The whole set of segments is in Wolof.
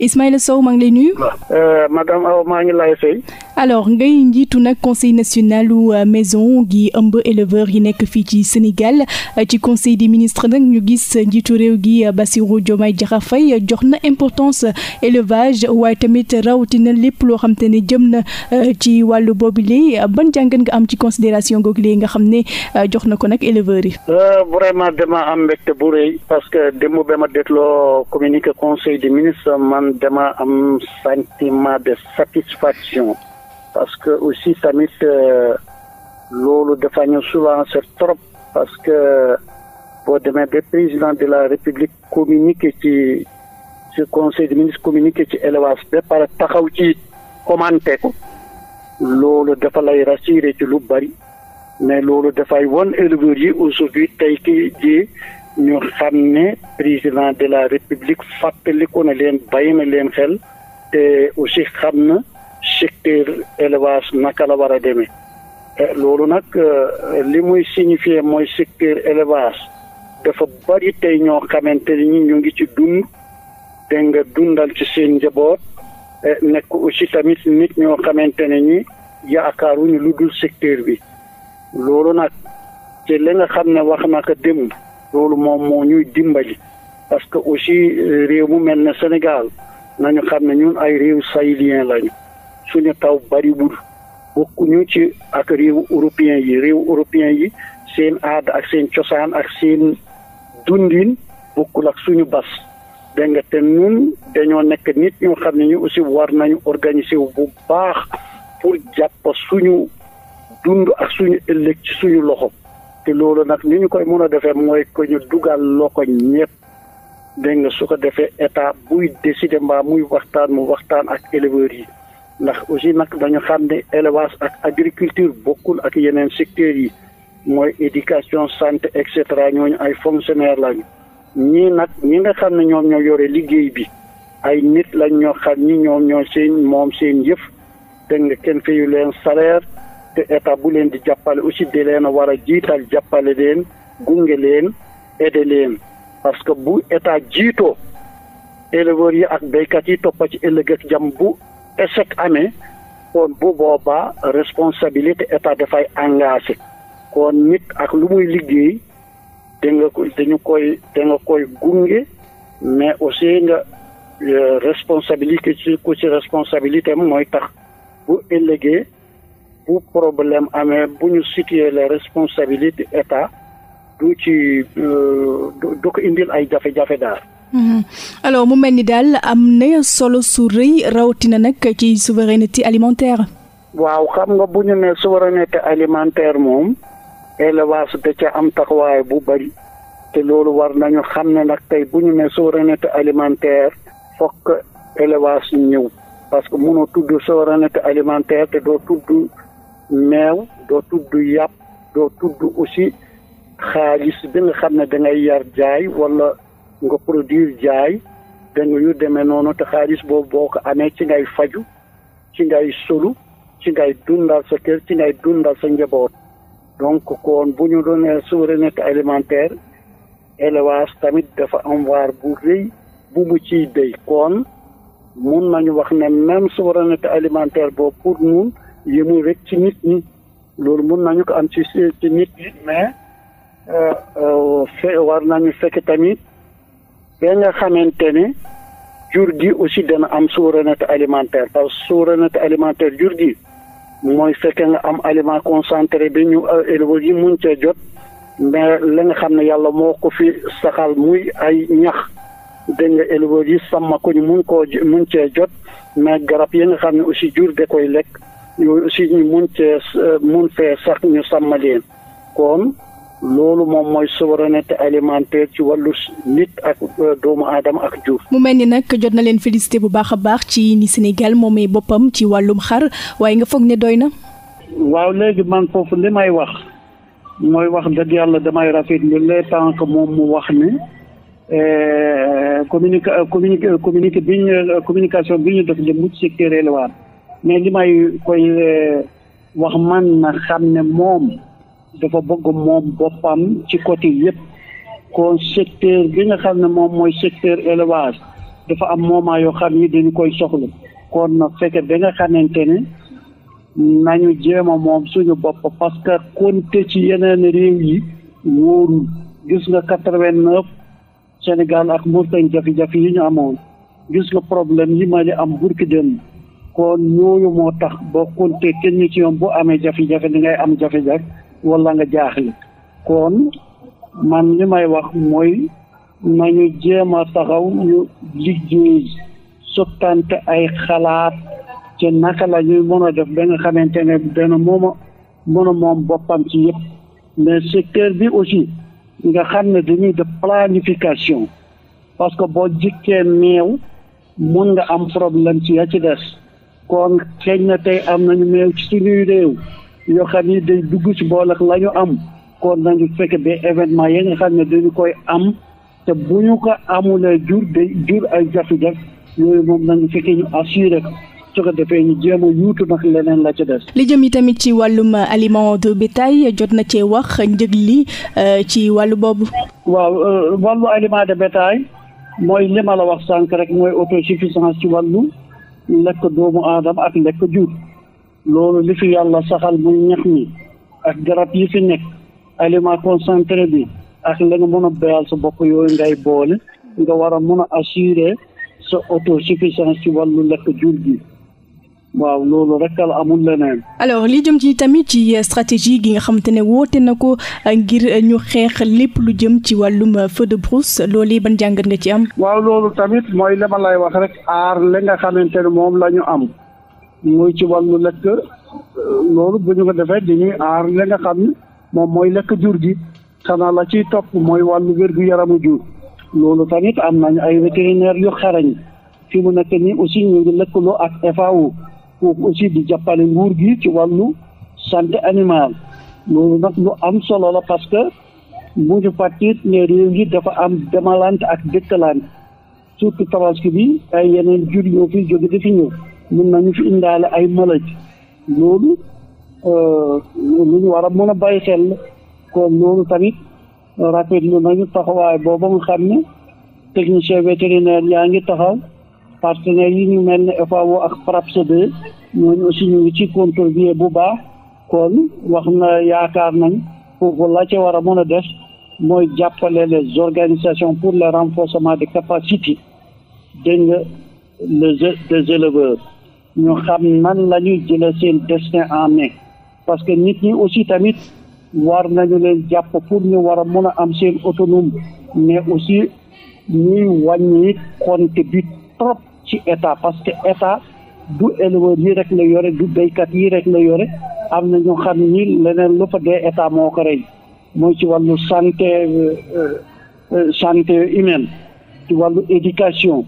Ismaïla Sow maa ngi lay nuyu. Euh, madame Awa maa ngi lay fay. alors ngay njiitu nag conseil national ou euh, maison gi ëmb éleveur yi nekk fii ci Sénégal euh, ci conseil de ministre nag ñu gis njiitu réew gi Bassirou Diomaye jaxa Faye jox na importance élevage waaye tamit rawatina lépp loo xam te ne jëm na ci wàllu boobu lii ban jàngat nga am ci considération googu lii nga xam ne jox na ko nag éleveurs yi. vraiment dama am mbégte bu rëy parce que démb ba ma dégloo communiqué conseil man dama am sentiment de satisfaction parce que aussi tamit euh, loolu dafa ñu soulager trop parce que boo demee ba président de la république communiqué ci ci conseil des ministres communiqué ci élevage ba pare taxaw ci commenté ko loolu dafa lay rassuré ci lu bari mais loolu dafay won éleveurs yi aujourd'hui tey ki ji ñu xam ne président de la république fàttaliku na leen bay na leen xel te aussi xam na secteur élevage naka la war a demee eh, loolu nag eh, li muy signifier mooy secteur élevage dafa bari tey ñoo xamante ni ñu ngi ci dund dégg nga dundal ci seen njaboot eh, nekk aussi tamit nit ñoo xamante ne ñi yaakaaruñu lu dul secteur bi loolu nag ci li nga xam ne wax na ko démb loolu moom moo ñuy dimbali parce que aussi euh, réew mu mel ne Sénégal nañu xam ne ñun ay réew sahélien lañu suñu taw bariwul bokkuñu ci ak réew européen yi réew européen yi seen aada ak seen cosaan ak seen dundin bokkul ak suñu bas dégg nga te ñun dañoo nekk nit ñoo xam ne ñu aussi war nañu organiser bu baax pour jàpp suñu dund ak suñu ëllëg ci suñu loxo te loolu nag ni ñu koy mën a defee mooy ko ñu dugal loxo ñëpp dégg nga su ko defee état buy décider mbaa muy waxtaan mu waxtaan ak éleveurs yi ndax aussi nag dañu xam ne élevage ak agriculture bokkul ak yeneen secteurs yi mooy éducation santé et cetera ñooñu ay fonctionnaire lañu ñii nag ñi nga xam ne ñoom ñoo yore liggéey bi ay nit lañ ñoo xam ni ñoom ñoo seen moom seen yëf dégg nga kenn fayu leen salaire te état bu leen di jàppale aussi di leen a war a jiital jàppale leen gunge leen aide leen parce que bu état jiitoo éleveurs yi ak béykat yi toppa ci ëllëg ak jàmm bu échec amee kon bu boobaa responsabilité état dafay engagé kon nit ak lu muy liggéey da nga dañu koy da nga koy gunge mais aussi nga euh, responsabilité ci ku ci responsabilité am mooy tax bu ëllëgee bu problème amee bu ñu situer les responsabilités état du ci euh, du ko indil ay jafe-jafe daal. Mhm. alors mu mel ni daal am na solo su rëy rawatina nag ci souveraineté alimentaire. waaw xam nga bu ñu nee souveraineté alimentaire moom élevage da ca am taxawaay bu bari te loolu war nañu xam ne nag tey bu ñu nee souveraineté alimentaire fokk élevage ñëw parce que mënoo tudd souveraineté alimentaire te doo tudd meew doo tudd yàpp doo tudd aussi xaalis bi nga xam ne dangay yar jaay wala nga produire jaay da yu demee noonu te xaalis boobu boo ko amee ci ngay faju ci ngay solu ci ngay dundal sa kër ci ngay dundal sa njaboot donc kon bu ñu doonee souveraineté alimentaire élevage tamit dafa am waar bu rëy bu mu ciy béy kon mun nañu wax ne même souveraineté alimentaire boo pour ñun yemul rek ci nit ñi loolu mun nañu ko am ci ci nit ñi mais euh, euh, fe war nañu fekk tamit ba nga xamante ne jur gi aussi dana am souveraineté alimentaire parce que souveraineté alimentaire jur gi mooy fekkee nga am aliment concentré bi ñu euh, élevage yi mun cee jot mais la nga xam ne yàlla moo ko fi saxal muy ay ñax dégg nga élevage yi sàmm ko ñu mun koo mun cee jot mais garab yi nga xam ne aussi jur da koy lekk yooyu aussi ñu mun cee euh, fee sax ñu sàmm leen kon loolu moom mooy souveraineté alimentaire ci wàllu nit ak euh, doomu aadama ak jur. mu mel ni nag jot na leen félicité bu baax a baax ci ni Sénégal moomee boppam ci wàllum xar waaye nga foog ni doy na. waaw léegi man foofu li may wax mooy wax dëgg yàlla damay rafet les temps tànk moom mu wax ne communique euh, communique communique bi ñu communication bi ñu def jëm ci kéréel waat mais li may koy eh, wax man na xam ne moom dafa bëgg moom boppam ci côté yëpp kon secteur bi nga xam ne moom mooy secteur élevage dafa am moment yoo xam ni dañu koy soxla kon na fekke ba nga xamante ne nañu jéem a moom suñu bopp parce que compter ci yeneen réew yi wóorul gis nga quatre-vingt-neuf Sénégal ak Mauritanie jafe-jafe yi ñu amoon gis nga problème yi ma di am Burkina kon ñooñu moo tax bokkuñ te kenn bu amee jafe-jafe di ngay am jafe-jafe wala nga jaaxle kon man li may wax mooy nañu jéem a taxaw ñu liggéey sottante ay xalaat ci naka la mën a def ba nga xamante ne dana moom a moom boppam ci yëpp mais secteur bi aussi nga xam ne dañuy def planification parce que boo jikkee néew mun nga am problème ci ya ci des kon xëy na tey am nañu meew ci suñuy réew yoo xam ni day dugg ci bool ak la ñu am kon nañu fekke ba événement yi nga xam ne dañu koy am te bu ñu ko amulee jur day jur ay jafe-jafe yooyu moom nañu fekke ñu assuré ko su ko defee ñu jéem a yuutu nag leneen la ci des. li jëm tamit ci wàllum aliment de bétail jot na cee wax njëg li euh, ci wàllu boobu. waaw euh, wàllu aliment de bétail mooy li wax sànq rek mooy autosuffisance ci wàllu lekk doomu aadama ak lekk jur loolu li fi yàlla saxal muy ñax mi ak garab yi fi nekk aliment concentré bi ak la nga mën a béyal sa bopp yooyu ngay boole nga war a mën a assurer sa autosuffisance ci wàllu lekk jur gi waaw loolu rek la amul leneen. alors li jëm ci tamit ci stratégie gi nga xamante ne woote na ko euh, ngir euh, ñu xeex lépp lu jëm ci wàllum euh, feu de brousse loolu ban jàngat nga ci am. waaw loolu tamit mooy li ma lay wax rek aar li nga xamante ne moom la ñu am muy ci wàllu lekk loolu bu ñu ko defee dañuy aar xam ne moom mooy lekk jur gi xanaa la ciy topp mooy wàllu wérgu yaramu jur loolu tamit am ñu ay vétérinaire yu xarañ fi mu nekk nii aussi ñu ngi lëkkaloo ak FAO. kooku aussi di jàppale nguur gi ci wàllu santé animale loolu nag lu am solo la parce que bu ñu fàttit ne réew yi dafa am demalante ak dëkkalante surtout tabaski bi ay yeneen jur ñoo fi jóge dafi ñëw mun nañu fi indaale ay maladie loolu euh, lu ñu war a mën bàyyi xel kon loolu tamit rafetlu nañu taxawaay booba nga xam ni technicien vétérinaire yaa ngi taxaw partenaires yi ñu mel ne FAO ak FRAPSD ñooñu aussi ñu ngi ci contribuer bu baax kon wax na yaakaar nañ foofu la ca war a mën a des mooy jàppale les organisations pour le renforcement de capacités dégg nga les des éleveurs ñu xam nan la ñuy jëlee seen destin en main parce que nit ñi aussi tamit war nañu leen jàpp pour ñu war a mën a am seen autonome mais aussi ñuy wàññi compte bi trop ci état parce que état du éleveurs yi rek la yore du béykat yi rek la yore am na ñu xam ni leneen lu fa dee état moo ko rey mooy ci wàllu santé euh, euh, santé humaine ci wàllu éducation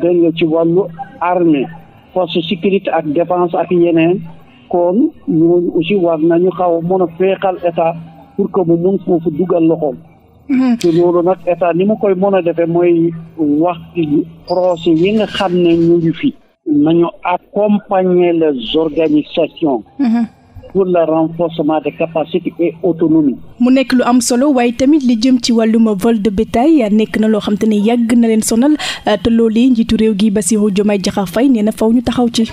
dégg nga ci wàllu armée force sécurité ak défense ak yeneen kon ñooñu aussi war nañu xaw a mën a feexal état pour que mu mun foofu dugal loxoom Mm-hmm. te loolu nag état ni mu koy mën a defee mooy wax ci procès yi nga xam ne ñu ngi fi. nañu accompagner les organisations. Mm-hmm. pour le renforcement des capacités et autonomie. mu nekk lu am solo waaye tamit li jëm ci wàllum vol de bétail nekk na loo xam te ne yàgg na leen sonal euh, te loolu yi njiitu réew gi Bassirou Diomaye Diakhar Faye nee na faw ñu taxaw ci.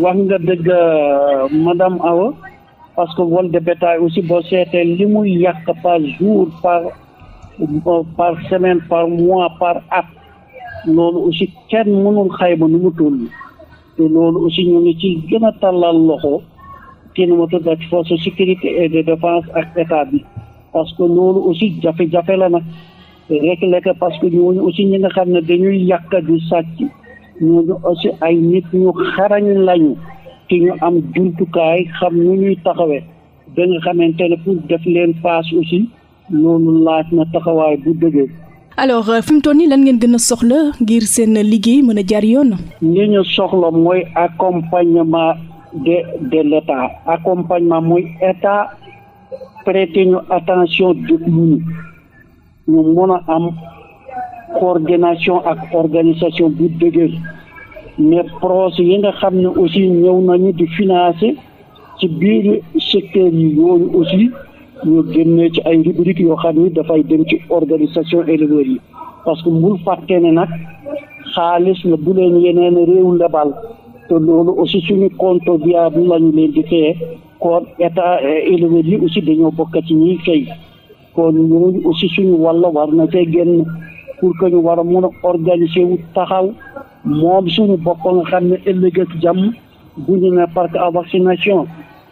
wax nga dëgg euh, madame Awa parce que vol de bétail aussi boo seetee li muy yàq par jour par par semaine par mois par at loolu aussi kenn mënul xayma nu mu toll te loolu aussi ñu ngi ci gën a tàllal loxo kenn ma tudd ak force sécurité et de défense ak état bi parce que loolu aussi jafe-jafe la nag rek lekk parce que ñooñu aussi ñi nga xam ne dañuy yàq di sàcc ñooñu aussi ay nit ñu xarañ lañu te ñu am jumtukaay xam nu ñuy taxawee ba nga xamante ne pour def leen paas aussi noonu laaj na taxawaay bu dëgër. alors euh, fi mu toll nii leen ngeen gën a soxla ngir seen liggéey mën a jaar yoon. li ñu soxla mooy accompagnement de de l' accompagnement mooy état prêter ñu attention dëkk ñu ñu mën a am coordination ak organisation bu dëgër mais projet yi nga xam ne aussi ñëw nañu di financer ci biir secteur yi yooyu aussi. ñu génne ci ay rubrique yoo xam ni dafay dem ci organisation éleveurs yi parce que bul fàtte ne nag xaalis la bu leen yeneen réew lebal te loolu aussi suñu contribuable lañu leen di fayee kon état éleveurs yi aussi dañoo bokk ci ñuy fay kon ñooñu aussi suñu walla war na fee génn pour que ñu war a mun a organiser wu taxaw moom suñu bopp nga xam ne ëllëg jàmm bu ñu ne parc à vaccination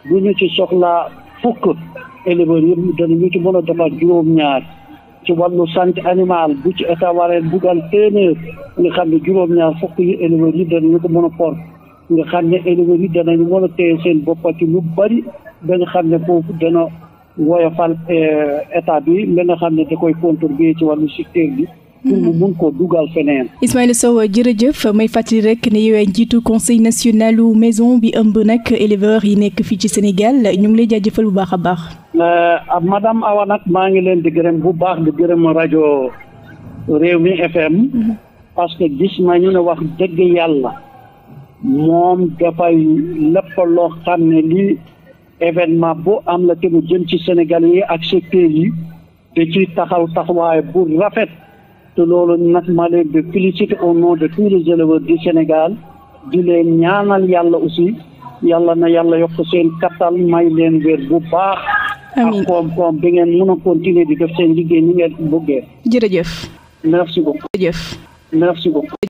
bu ñu ci soxlaa fukk éleveurs yëpp danañu ci mën a defar juróom-ñaar ci wàllu santé animal bu ci état waree dugal téeméer nga xam ne juróom-ñaar fukk yi éleveurs yi ñu ko mën a for nga xam ne éleveurs yi danañu mën a téye seen boppa ci lu bari ba xam ne foofu dana woyofal euh, état bi ba xam ne da koy contribuer ci wàllu secteur bi pour mu mm-hmm. mun ko dugal feneen. Ismaïla Sow jërëjëf may fàttali rek ne yow njiitu conseil national u maison bi ëmb nag éleveur yi nekk fii ci Sénégal ñu ngi lay jëfal bu baax a baax. Euh, madame Awa nag maa ngi leen di gërëm bu baax di gërëm rajo Rewmi FM. Mm-hmm. parce que gis nañu ne wax dëgg yàlla moom dafay lépp xam ne lii événement bu am la te mu jëm ci Sénégal yi ak secteur yi da ciy taxaw taxawaay bu rafet. te loolu nag ma leen di féliciter au nom de tous les éleveurs du Sénégal di leen ñaanal yàlla aussi yàlla na yàlla yokk seen kattal may leen wér bu baax. amiin koom-koom bi ngeen mën a continuer di def seen liggéey ni ngeen bëggee. jërëjëf. merci beaucoup. jërëjëf. merci beaucoup.